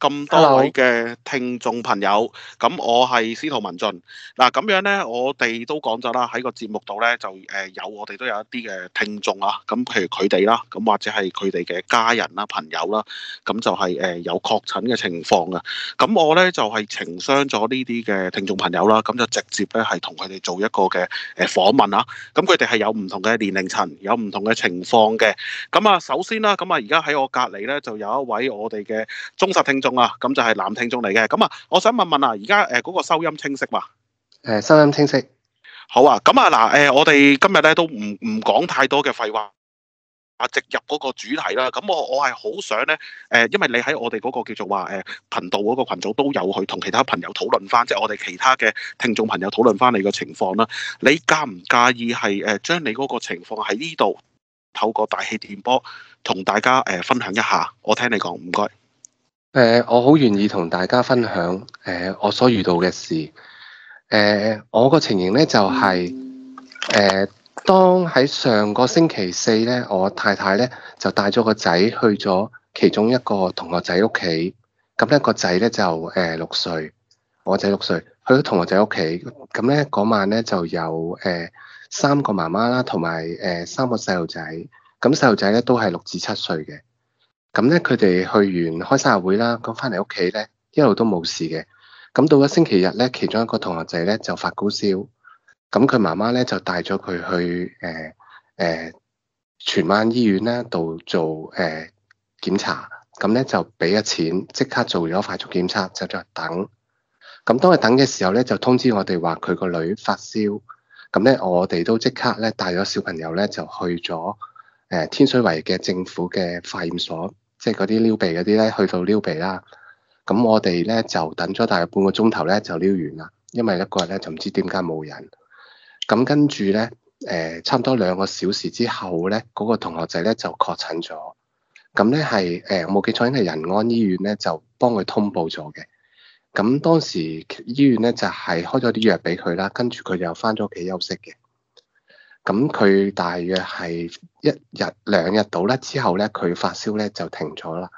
咁多位嘅聽眾朋友，咁我係司徒文俊嗱，咁樣咧，我哋都講咗啦，喺個節目度咧就誒有我哋都有一啲嘅聽眾啊，咁譬如佢哋啦，咁或者係佢哋嘅家人啦、朋友啦，咁就係誒有確診嘅情況啊，咁我咧就係情傷咗呢啲嘅聽眾朋友啦，咁就直接咧係同佢哋做一個嘅誒訪問啦，咁佢哋係有唔同嘅年齡層，有唔同嘅情況嘅，咁啊首先啦，咁啊而家喺我隔籬咧就有一位我哋嘅忠實聽眾。咁就係男聽眾嚟嘅，咁啊、嗯，我想問問啊，而家誒嗰個收音清晰嘛？誒，收音清晰，嗯、清晰好啊，咁啊嗱，誒、呃、我哋今日咧都唔唔講太多嘅廢話，啊，直入嗰個主題啦。咁我我係好想咧，誒、呃，因為你喺我哋嗰個叫做話誒頻道嗰個群組都有去同其他朋友討論翻，即、就、係、是、我哋其他嘅聽眾朋友討論翻你嘅情況啦。你介唔介意係誒將你嗰個情況喺呢度透過大氣電波同大家誒、呃、分享一下？我聽你講，唔該。誒、呃，我好願意同大家分享誒、呃，我所遇到嘅事。誒、呃，我個情形咧就係、是，誒、呃，當喺上個星期四咧，我太太咧就帶咗個仔去咗其中一個同學仔屋企。咁、那、咧個仔咧就誒六歲，我仔六歲，去咗同學仔屋企。咁咧嗰晚咧就有誒、呃、三個媽媽啦，同埋誒三個細路仔。咁細路仔咧都係六至七歲嘅。咁咧，佢哋去完開生日會啦，咁翻嚟屋企咧，一路都冇事嘅。咁到咗星期日咧，其中一個同學仔咧就發高燒，咁佢媽媽咧就帶咗佢去誒誒荃灣醫院咧度做誒檢查，咁咧就俾咗錢，即刻做咗快速檢測，就再等。咁當佢等嘅時候咧，就通知我哋話佢個女發燒，咁咧我哋都即刻咧帶咗小朋友咧就去咗誒天水圍嘅政府嘅化驗所。即係嗰啲撩鼻嗰啲咧，去到撩鼻啦。咁我哋咧就等咗大約半個鐘頭咧，就撩完啦。因為一個人咧就唔知點解冇人。咁跟住咧，誒差唔多兩個小時之後咧，嗰個同學仔咧就確診咗。咁咧係誒冇記錯，應該係仁安醫院咧就幫佢通報咗嘅。咁當時醫院咧就係開咗啲藥俾佢啦，跟住佢就翻咗屋企休息嘅。咁佢大約係一日兩日到啦，之後咧佢發燒咧就停咗啦。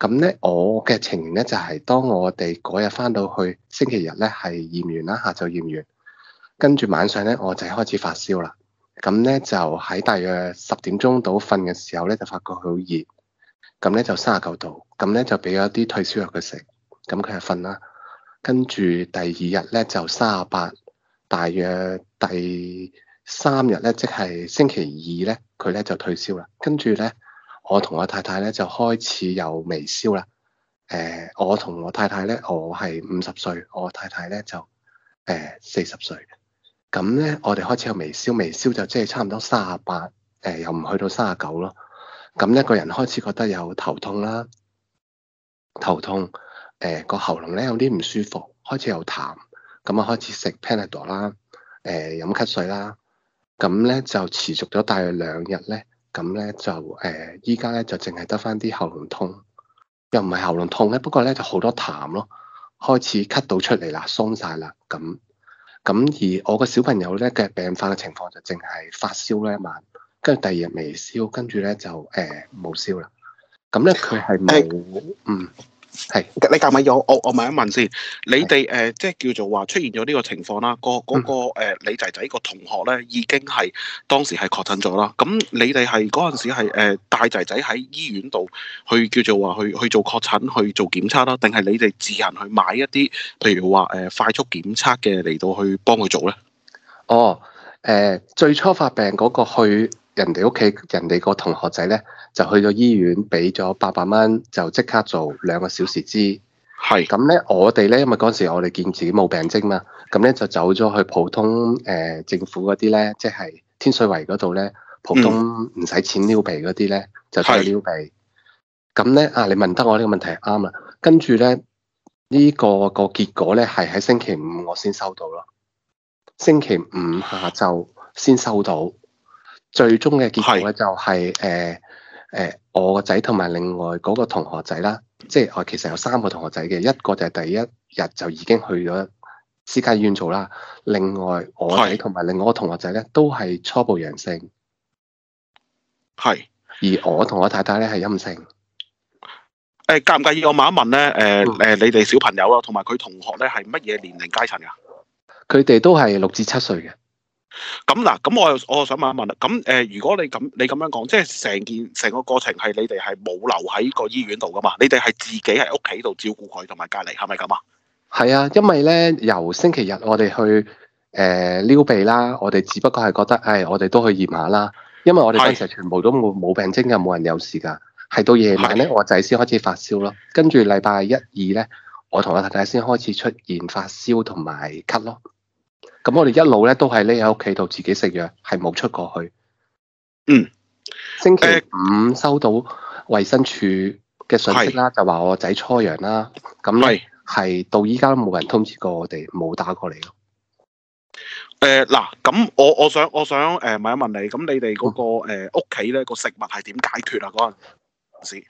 咁咧我嘅情形咧就係、是、當我哋嗰日翻到去星期日咧係驗完啦，下晝驗完，跟住晚上咧我就開始發燒啦。咁咧就喺大約十點鐘到瞓嘅時候咧就發覺佢好熱，咁咧就三十九度，咁咧就俾咗啲退燒藥佢食，咁佢就瞓啦。跟住第二日咧就三十八，大約第三日咧，即係星期二咧，佢咧就退燒啦。跟住咧，我同我太太咧就開始有微燒啦。誒，我同我太太咧，我係五十歲，我太太咧就誒四十歲。咁咧，我哋開始有微燒，微燒就即係差唔多三十八，誒又唔去到三十九咯。咁一個人開始覺得有頭痛啦，頭痛，誒個喉嚨咧有啲唔舒服，開始有痰，咁啊開始食 Panadol 啦，誒飲咳水啦。咁咧就持續咗大約兩日咧，咁咧就誒，依家咧就淨係得翻啲喉嚨痛，又唔係喉嚨痛咧，不過咧就好多痰咯，開始咳到出嚟啦，鬆晒啦，咁咁而我個小朋友咧嘅病發嘅情況就淨係發燒咧一晚，跟住第二日未燒，跟住咧就誒冇、呃、燒啦，咁咧佢係冇嗯。 係，你夾咪有？我，我問一問先。你哋誒、呃，即係叫做話出現咗呢個情況啦。那個嗰個誒你仔仔個同學咧，已經係當時係確診咗啦。咁你哋係嗰陣時係誒帶仔仔喺醫院度去叫做話去去做確診去做檢測啦，定係你哋自行去買一啲譬如話誒、呃、快速檢測嘅嚟到去幫佢做咧？哦，誒、呃、最初發病嗰個去。人哋屋企人哋個同學仔咧，就去咗醫院，俾咗八百蚊，就即刻做兩個小時支。係是。咁咧，我哋咧，因為嗰時我哋見自己冇病徵嘛，咁咧就走咗去普通誒、呃、政府嗰啲咧，即係天水圍嗰度咧，普通唔使錢撩鼻嗰啲咧，就做撩鼻。咁咧是，啊，你問得我呢個問題啱啦。跟住咧，呢、呢個個結果咧，係喺星期五我先收到咯。星期五下晝先收到。最終嘅結果咧，就係誒誒我個仔同埋另外嗰個同學仔啦，即係我其實有三個同學仔嘅，一個就係第一日就已經去咗私家醫院做啦，另外我仔同埋另外個同學仔咧都係初步陽性，係是。而我同我太太咧係陰性。誒，介唔介意我問一問咧？誒、呃、誒你哋小朋友啊，同埋佢同學咧係乜嘢年齡階層啊？佢哋 都係六至七歲嘅。咁嗱，咁我我想問一問啦。咁誒、呃，如果你咁你咁樣講，即係成件成個過程係你哋係冇留喺個醫院度噶嘛？你哋係自己喺屋企度照顧佢同埋隔離，係咪咁啊？係啊，因為咧由星期日我哋去誒撩、呃、鼻啦，我哋只不過係覺得誒、哎、我哋都去驗下啦，因為我哋嗰陣時全部都冇冇病徵嘅，冇人有事噶。係到夜晚咧，是我仔先開始發燒咯，跟住禮拜一二咧，我同我太太先開始出現發燒同埋咳咯咯。咁我哋一路咧都係匿喺屋企度自己食藥，係冇出過去。嗯，星期五收到衛生署嘅信息啦，嗯、就話我仔初陽啦。咁係係到依家都冇人通知過我哋，冇打過嚟咯。誒、嗯、嗱，咁我我想我想誒、呃，問一問你，咁你哋嗰、嗰個誒屋企咧個食物係點解決啊？嗰陣時，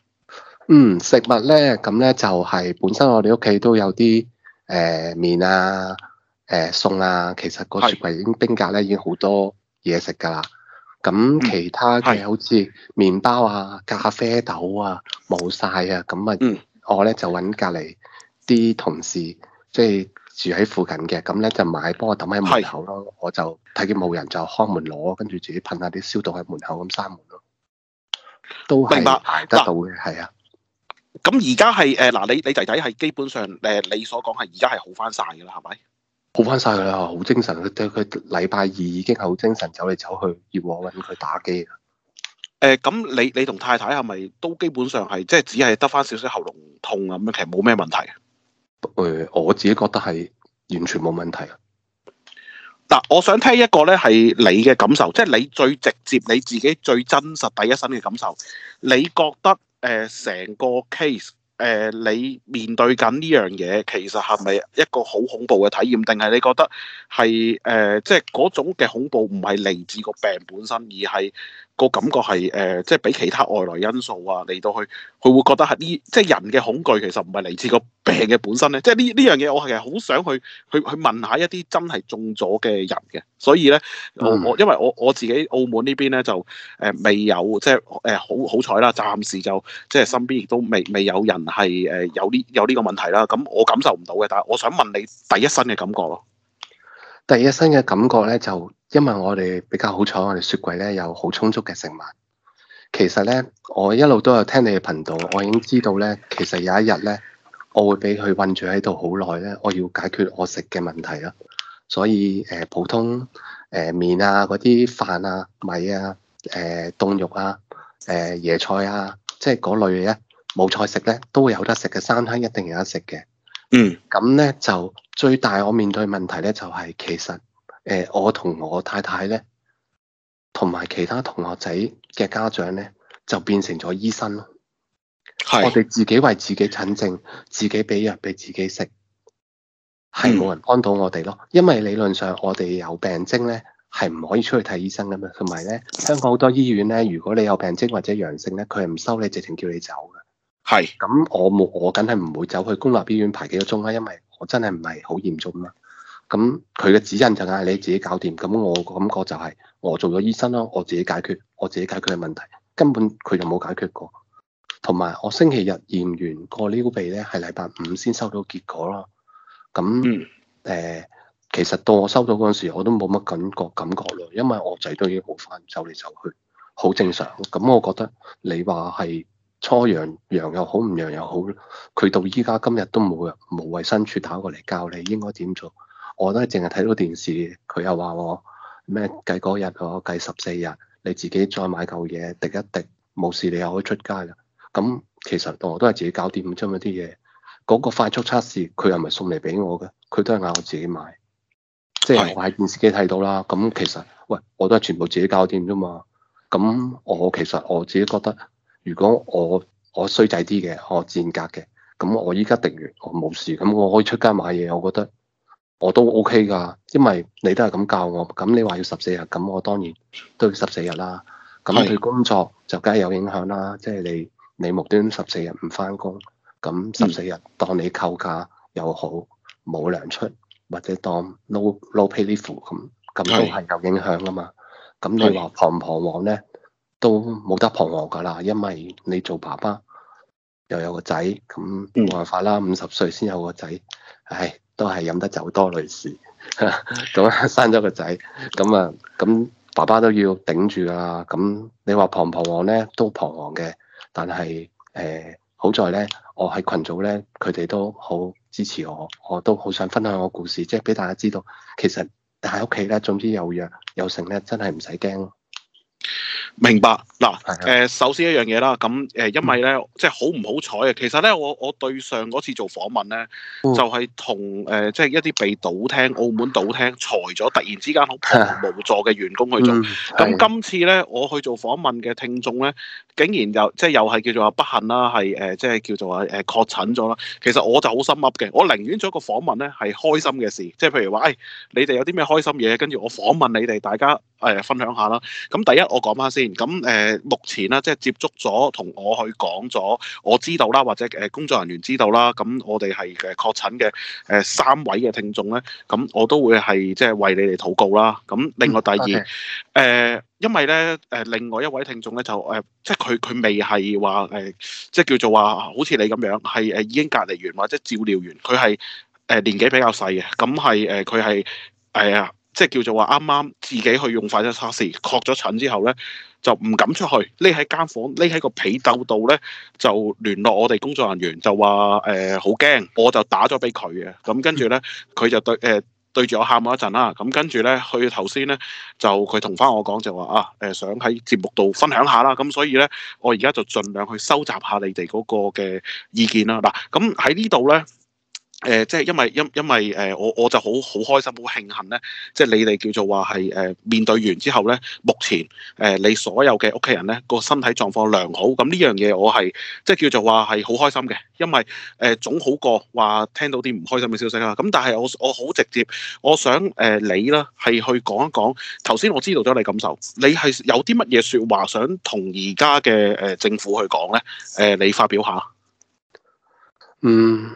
嗯，食物咧，咁咧就係本身我哋屋企都有啲誒、呃、麵啊。誒餸啊，其實個雪櫃對已經冰格咧，已經好多嘢食㗎啦。咁其他嘅、嗯、好似麵包啊、咖啡豆啊冇晒啊，咁啊，嗯、我咧就揾隔離啲同事，即、就、係、是、住喺附近嘅，咁咧就買幫我抌喺門口咯。是我就睇見冇人就開門攞，跟住自己噴下啲消毒喺門口咁，閂門咯。都明白得到嘅係啊。咁而家係誒嗱，你你仔仔係基本上誒，你所講係而家係好翻晒㗎啦，係咪？好翻晒佢啦，好精神。佢佢禮拜二已經係好精神，走嚟走去，要我揾佢打機。誒、呃，咁你你同太太係咪都基本上係即係只係得翻少少喉嚨痛啊？咁其實冇咩問題。誒、呃，我自己覺得係完全冇問題。嗱、呃，我想聽一個咧係你嘅感受，即係你最直接、你自己最真實、第一身嘅感受。你覺得誒，成、呃、個 case？誒、呃，你面對緊呢樣嘢，其實係咪一個好恐怖嘅體驗？定係你覺得係誒、呃，即係嗰種嘅恐怖唔係嚟自個病本身，而係？個感覺係誒、呃，即係畀其他外來因素啊嚟到去，佢會覺得係呢，即係人嘅恐懼其實唔係嚟自個病嘅本身咧。即係呢呢樣嘢，我係好想去去去，去問下一啲真係中咗嘅人嘅。所以咧，我、嗯、因為我我自己澳門呢邊咧就誒、呃、未有，即係誒、呃、好好彩啦，暫時就即係身邊亦都未未有人係誒有呢有呢個問題啦。咁我感受唔到嘅，但係我想問你第一身嘅感覺咯。第一身嘅感覺咧就～因為我哋比較好彩，我哋雪櫃咧有好充足嘅食物。其實咧，我一路都有聽你嘅頻道，我已經知道咧，其實有一日咧，我會俾佢困住喺度好耐咧，我要解決我食嘅問題啦、啊。所以誒、呃，普通誒麵、呃、啊、嗰啲飯啊、米啊、誒、呃、凍肉啊、誒、呃、椰菜啊，即係嗰類咧冇菜食咧，都會有得食嘅三餐一定有得食嘅。嗯，咁咧就最大我面對問題咧就係、是、其實。誒，我同我太太咧，同埋其他同學仔嘅家長咧，就變成咗醫生咯。係是。我哋自己為自己診症，自己俾藥俾自己食，係冇人幫到我哋咯。嗯、因為理論上我哋有病徵咧，係唔可以出去睇醫生㗎嘛。同埋咧，香港好多醫院咧，如果你有病徵或者陽性咧，佢係唔收你，直情叫你走嘅。係是。咁我冇，我梗係唔會走去公立醫院排幾個鐘啦，因為我真係唔係好嚴重啦。咁佢嘅指引就嗌你自己搞掂。咁我感覺就係我做咗醫生咯，我自己解決，我自己解決嘅問題，根本佢就冇解決過。同埋我星期日驗完個尿鼻咧，係禮拜五先收到結果咯。咁誒、呃，其實到我收到嗰陣時，我都冇乜感覺感覺咯，因為我仔都已經好翻，走嚟走去，好正常。咁我覺得你話係初陽陽又好，唔陽又好，佢到依家，今日都冇人冇衛生處打過嚟教你應該點做。我都係淨係睇到電視，佢又話我咩計嗰日我計十四日，你自己再買嚿嘢滴一滴，冇事你又可以出街啦。咁其實我都係自己搞掂咁樣啲嘢，嗰個快速測試佢又唔係送嚟俾我嘅，佢都係嗌我自己買。即係我喺電視機睇到啦。咁其實喂，我都係全部自己搞掂啫嘛。咁我其實我自己覺得，如果我我衰仔啲嘅，我賤格嘅，咁我依家滴完我冇事，咁我可以出街買嘢，我覺得。我都 OK 噶，因為你都係咁教我，咁你話要十四日，咁我當然都要十四日啦。咁啊，對工作就梗係有影響啦。即係是你你無端十四日唔翻工，咁十四日當你扣假又好冇糧出，或者當 no no pay 咁，咁都係有影響噶嘛。咁是你話彷唔彷徨咧？都冇得彷徨噶啦，因為你做爸爸又有個仔，咁冇辦法啦。五十歲先有個仔，唉。都係飲得酒多女士，咁 生咗個仔，咁啊，咁爸爸都要頂住啊。咁你話彷徨唔彷徨咧？都彷徨嘅。但係誒，呃、好在咧，我喺群組咧，佢哋都好支持我，我都好想分享我故事，即係俾大家知道，其實喺屋企咧，總之有藥有成咧，真係唔使驚咯。明白嗱，誒首先一樣嘢啦，咁誒因為咧，即係好唔好彩啊！其實咧，我我對上嗰次做訪問咧，就係同誒即係一啲被賭廳，澳門賭廳裁咗，突然之間好無助嘅員工去做。咁今、嗯、次咧，我去做訪問嘅聽眾咧，竟然又即係又係叫做話不幸啦，係誒、呃、即係叫做話誒確診咗啦。其實我就好心噏嘅，我寧願做一個訪問咧，係開心嘅事，即係譬如話，誒、哎、你哋有啲咩開心嘢，跟住我訪問你哋，大家誒、呃、分享下啦。咁第一我講返先，咁誒、呃，目前啦，即係接觸咗同我去講咗，我知道啦，或者誒工作人員知道啦，咁我哋係誒確診嘅誒三位嘅聽眾咧，咁我都會係即係為你哋禱告啦。咁另外第二誒。嗯 okay. 呃因為咧，誒、呃、另外一位聽眾咧就誒、呃，即係佢佢未係話誒，即係叫做話好似你咁樣，係誒已經隔離完或者照料完，佢係誒年紀比較細嘅，咁係誒佢係係啊，即係叫做話啱啱自己去用快測測試確咗診之後咧，就唔敢出去，匿喺間房，匿喺個被竇度咧，就聯絡我哋工作人員，就話誒好驚，我就打咗俾佢嘅，咁、嗯、跟住咧佢就對誒。呃呃對住我喊我一陣啦，咁跟住咧，佢頭先咧就佢同翻我講就話啊，誒想喺節目度分享下啦，咁所以咧，我而家就盡量去收集下你哋嗰個嘅意見啦。嗱，咁喺呢度咧。誒，即係因為因因為誒，我我就好好開心，好慶幸咧，即係你哋叫做話係誒面對完之後咧，目前誒、呃、你所有嘅屋企人咧個身體狀況良好，咁呢樣嘢我係即係叫做話係好開心嘅，因為誒、呃、總好過話聽到啲唔開心嘅消息啦。咁但係我我好直接，我想誒、呃、你啦係去講一講，頭先我知道咗你感受，你係有啲乜嘢說話想同而家嘅誒政府去講咧？誒、呃，你發表下。嗯。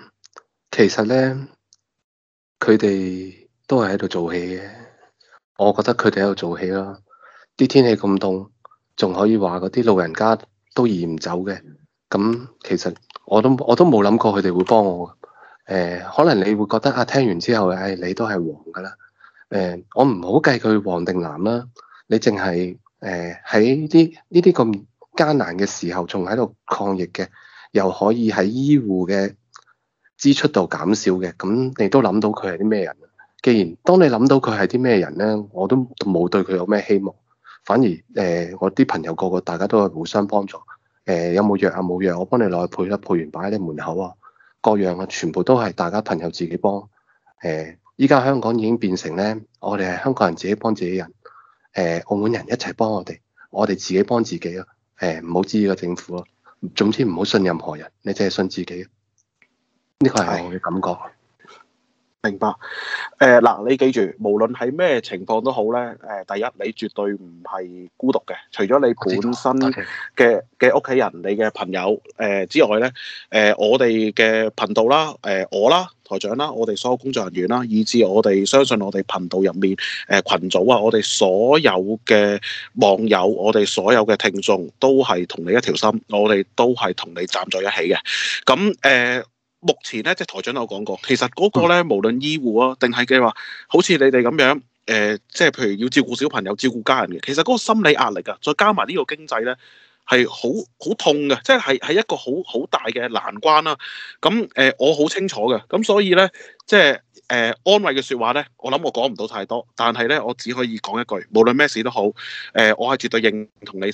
其實咧，佢哋都係喺度做戲嘅。我覺得佢哋喺度做戲咯。啲天氣咁凍，仲可以話嗰啲老人家都移唔走嘅。咁其實我都我都冇諗過佢哋會幫我。誒、呃，可能你會覺得啊，聽完之後，誒、哎，你都係黃噶啦。誒、呃，我唔好計佢黃定藍啦。你淨係誒喺啲呢啲咁艱難嘅時候，仲喺度抗疫嘅，又可以喺醫護嘅。支出度減少嘅，咁你都諗到佢係啲咩人？既然當你諗到佢係啲咩人呢，我都冇對佢有咩希望，反而誒、呃，我啲朋友個個大家都係互相幫助，誒、呃、有冇藥啊？冇藥我幫你攞去配啦，配完擺喺你門口啊，各樣啊，全部都係大家朋友自己幫。誒、呃，依家香港已經變成呢，我哋係香港人自己幫自己人、呃，澳門人一齊幫我哋，我哋自己幫自己咯、啊，誒、呃，唔好依賴政府咯、啊，總之唔好信任何人，你淨係信自己、啊。呢個係我嘅感覺，明白？誒、呃、嗱，你記住，無論係咩情況都好咧。誒、呃，第一，你絕對唔係孤獨嘅，除咗你本身嘅嘅屋企人、你嘅朋友誒、呃、之外咧，誒、呃，我哋嘅頻道啦，誒、呃，我啦，台長啦，我哋所有工作人員啦，以至我哋相信我哋頻道入面誒、呃、群組啊，我哋所有嘅網友，我哋所有嘅聽眾，都係同你一條心，我哋都係同你站在一起嘅。咁誒。呃目前咧，即係台長都有講過，其實嗰個咧，無論醫護啊，定係嘅話，好似你哋咁樣，誒、呃，即係譬如要照顧小朋友、照顧家人嘅，其實嗰個心理壓力啊，再加埋呢個經濟咧，係好好痛嘅，即係係係一個好好大嘅難關啦、啊。咁、嗯、誒、呃，我好清楚嘅，咁、嗯、所以咧，即係誒、呃、安慰嘅説話咧，我諗我講唔到太多，但係咧，我只可以講一句，無論咩事都好，誒、呃，我係絕對認同你。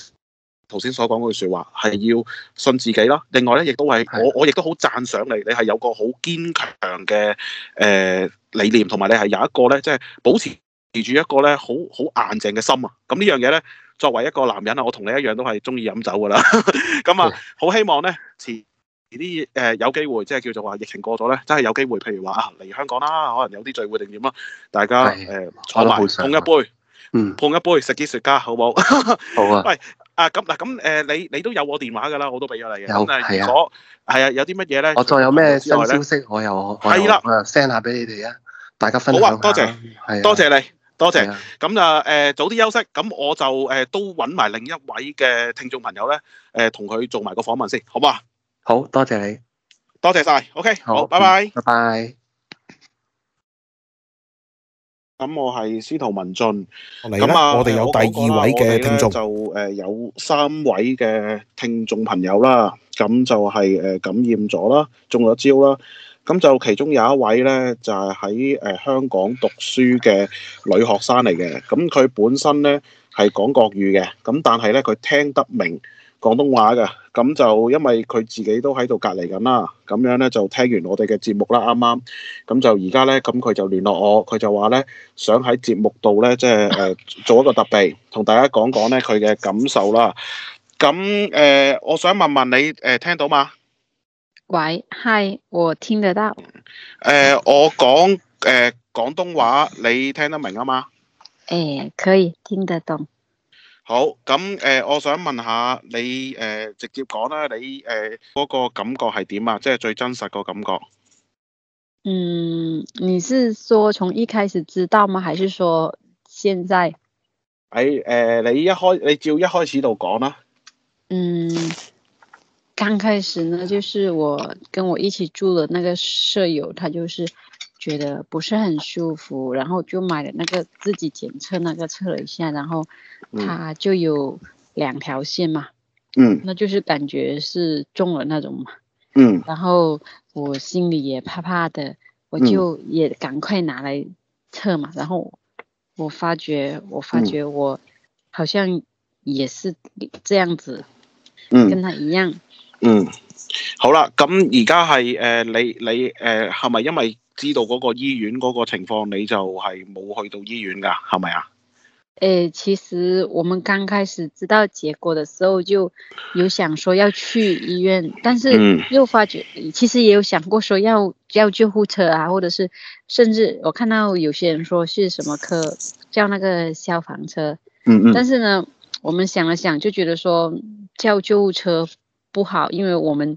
頭先所講嗰句說話係要信自己咯。另外咧，亦都係我我亦都好讚賞你，你係有個好堅強嘅誒、呃、理念，同埋你係有一個咧，即係保持住一個咧，好好硬淨嘅心啊。咁、嗯、呢樣嘢咧，作為一個男人啊，我同你一樣都係中意飲酒噶啦。咁啊的，好希望咧，遲啲誒有機會，即係叫做話疫情過咗咧，真係有機會，譬如話啊嚟香港啦，可能有啲聚會定點啊，大家誒坐埋碰一杯，碰一杯，食雞食家，好唔好？好啊。喂。啊咁嗱咁誒你你都有我電話㗎啦，我都俾咗你嘅，有係啊，係啊，有啲乜嘢咧？我再有咩新消息，我又可以啦，send 下俾你哋啊，大家分享下。好啊，多謝，係多謝你，多謝。咁就誒早啲休息。咁我就誒都揾埋另一位嘅聽眾朋友咧，誒同佢做埋個訪問先，好唔好啊？好，多謝你，多謝晒。OK，好，拜拜，拜拜。咁我係司徒文進，咁啊，我哋有第二位嘅聽眾、嗯、就誒有三位嘅聽眾朋友啦，咁就係誒感染咗啦，中咗招啦，咁就其中有一位咧就係喺誒香港讀書嘅女學生嚟嘅，咁佢本身咧係講國語嘅，咁但係咧佢聽得明。廣東話嘅，咁就因為佢自己都喺度隔離緊啦，咁樣咧就聽完我哋嘅節目啦，啱啱，咁就而家咧，咁佢就聯絡我，佢就話咧想喺節目度咧，即係誒做一個特別，同大家講講咧佢嘅感受啦。咁誒，我想問問你誒，聽到嗎？喂，Hi，我聽得到。誒，我講誒廣東話，你聽得明啊嘛？誒，可以聽得懂。好咁誒、呃，我想問下你誒、呃，直接講啦，你誒嗰、呃那個感覺係點啊？即係最真實個感覺。嗯，你是說從一開始知道嗎？還是說現在？喺誒、欸呃，你一開始你照一開始度講啦。嗯，剛開始呢，就是我跟我一起住的那個舍友，他就是。覺得不是很舒服，然後就買了那個自己檢測，那個測了一下，然後它就有兩條線嘛，嗯，那就是感覺是中了那種嘛，嗯，然後我心裏也怕怕的，我就也趕快拿來測嘛，嗯，然後我發覺我發覺我好像也是這樣子，嗯，跟他一樣，嗯，嗯，好啦，咁而家係誒你你誒係咪因為？知道嗰個醫院嗰個情況，你就係冇去到醫院噶，係咪啊？誒、欸，其實我們剛開始知道結果的時候，就有想說要去醫院，但是又發覺，嗯、其實也有想過說要叫救護車啊，或者是甚至我看到有些人說是什麼科叫那個消防車，嗯嗯，但是呢，我們想了想就覺得說叫救護車不好，因為我們。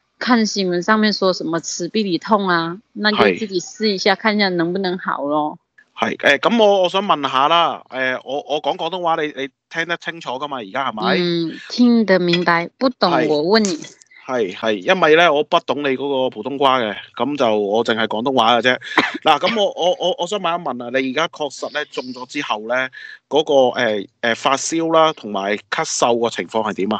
看新聞上面說什麼池壁裏痛啊，那你自己試一下， 看一下能不能好咯。係誒，咁我我想問下啦，誒，我我講廣東話，你你聽得清楚噶嘛？而家係咪？嗯，聽得明白，不懂我問你。係係， 因為咧我不懂你嗰個普通話嘅，咁、嗯、就我淨係廣東話嘅啫。嗱，咁、嗯嗯、我我我我想問一問啊， 你而家確實咧中咗之後咧，嗰、那個誒誒、呃呃、發燒啦，同埋咳嗽個情況係點啊？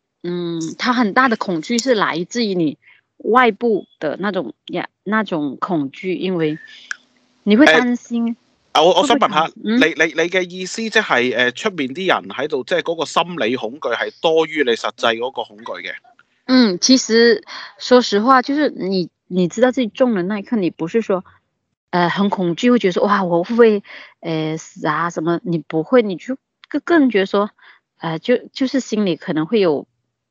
嗯，他很大的恐懼是來自於你外部的那種呀，那種恐懼，因為你會擔心。啊、欸，我我想問下、嗯、你，你你嘅意思即係誒出面啲人喺度，即係嗰個心理恐懼係多於你實際嗰個恐懼嘅。嗯，其實說實話，就是你你知道自己中了那一刻，你不是說誒、呃、很恐懼，會覺得說哇我會誒、呃、死啊什麼，你不會，你就個個人覺得說，誒、呃、就就是心裏可能會有。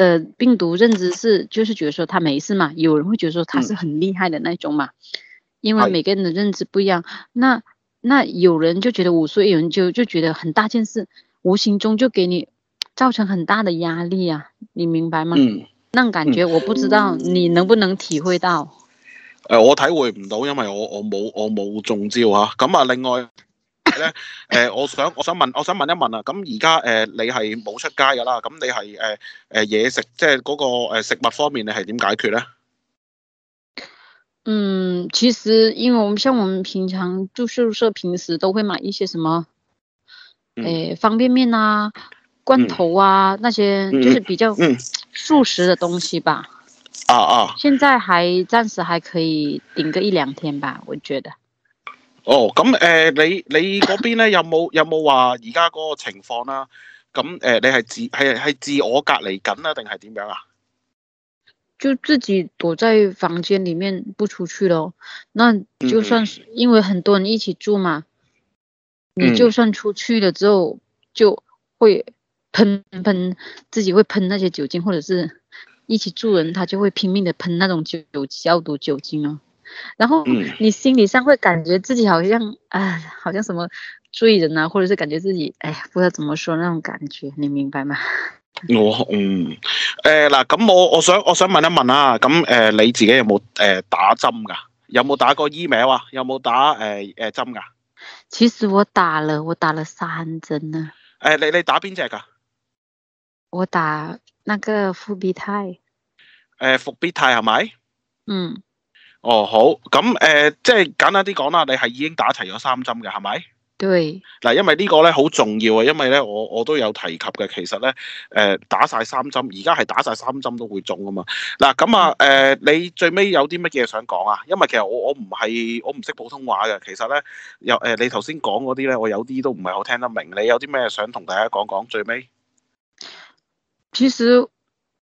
的病毒認知是，就是覺得說他沒事嘛，有人會覺得說他是很厲害的那種嘛，因為每個人的認知不一樣。是 那那有人就覺得無所謂，有人就就覺得很大件事，無形中就給你造成很大的壓力啊，你明白嗎？嗯，那感覺我不知道你能不能體會到。誒，我體會不到，因為我我冇我冇中招啊。咁啊，另外。咧，誒，我想，我想問，我想問一問啊，咁而家誒，你係冇出街㗎喇，咁你係誒誒嘢食，即係嗰個誒食物方面，你係點解決咧？嗯，其實因為我們像我們平常住宿舍，平時都會買一些什麼誒、嗯呃、方便麵啊、罐頭啊、嗯、那些，就是比較素食的東西吧。啊啊！現在還暫時還可以頂個一兩天吧，我覺得。哦，咁誒、oh，你你嗰邊咧有冇有冇話而家嗰個情況啦，啊？咁誒，你係自係係自我隔離緊啊，定係點樣啊？就自己躲在房間裏面不出去咯。那就算是因為很多人一起住嘛，mm hmm. 你就算出去了之後，就會噴噴自己會噴那些酒精，或者是一起住人，他就會拼命的噴那種酒消毒酒精咯，哦。然後你心理上會感覺自己好像，唉、嗯呃，好像什麼追人啊，或者是感覺自己，哎呀，不知道怎麼說那種感覺，你明白嗎？我、 哦、嗯，誒嗱，咁我我想我想問一問啊，咁誒、呃、你自己有冇誒、呃、打針噶？有冇打過疫苗啊？有冇打誒誒、呃、針噶？其實我打了，我打了三針了、呃、啊。誒，你你打邊隻噶？我打那個必、呃、復必泰。誒，復必泰係咪？嗯。哦好，咁誒、呃，即係簡單啲講啦，你係已經打齊咗三針嘅，係咪？對。嗱，因為呢個咧好重要啊，因為咧我我都有提及嘅，其實咧誒、呃、打晒三針，而家係打晒三針都會中啊嘛。嗱、啊，咁啊誒，你最尾有啲乜嘢想講啊？因為其實我我唔係我唔識普通話嘅，其實咧有誒、呃、你頭先講嗰啲咧，我有啲都唔係好聽得明。你有啲咩想同大家講講最尾？其實。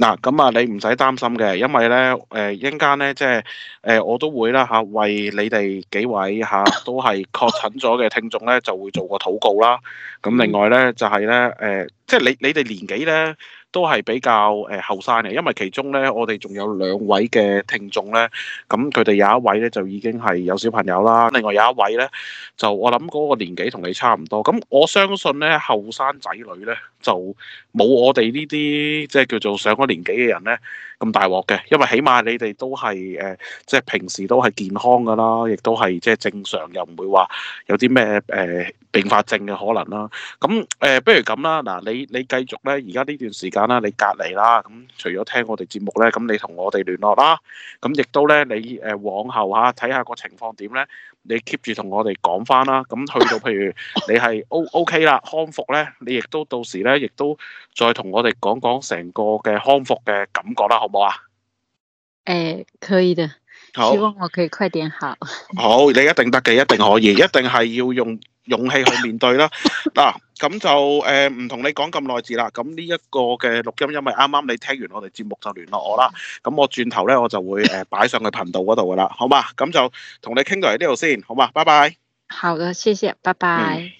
嗱，咁啊，你唔使擔心嘅，因為咧，一陣間咧，即係，誒、呃，我都會啦，嚇，為你哋幾位嚇、啊、都係確診咗嘅聽眾咧，就會做個禱告啦。咁另外咧，就係、是、咧，誒、呃。即係你你哋年紀咧都係比較誒後生嘅，因為其中咧我哋仲有兩位嘅聽眾咧，咁佢哋有一位咧就已經係有小朋友啦，另外有一位咧就我諗嗰個年紀同你差唔多，咁我相信咧後生仔女咧就冇我哋呢啲即係叫做上咗年紀嘅人咧咁大鑊嘅，因為起碼你哋都係誒、呃、即係平時都係健康㗎啦，亦都係即係正常又，又唔會話有啲咩誒、併發症嘅可能啦，咁誒，不如咁啦，嗱，你你繼續咧，而家呢段時間啦，你隔離啦，咁除咗聽我哋節目咧，咁你同我哋聯絡啦，咁亦都咧，你誒往後吓睇下個情況點咧，你 keep 住同我哋講返啦，咁去到譬如你係 O OK 啦，康復咧，你亦都到時咧，亦都再同我哋講講成個嘅康復嘅感覺啦，好唔好啊？誒，可以嘅，希望我可以快點好。好，你一定得嘅，一定可以，一定係要用。勇氣去面對啦，嗱、啊、咁就誒唔同你講咁耐字啦。咁呢一個嘅錄音、音，因為啱啱你聽完我哋節目就聯絡我啦。咁、嗯、我轉頭咧，我就會誒擺、欸、上去頻道嗰度噶啦，好嘛？咁就同你傾到嚟呢度先，好嘛？拜拜。好嘅，謝謝，拜拜。嗯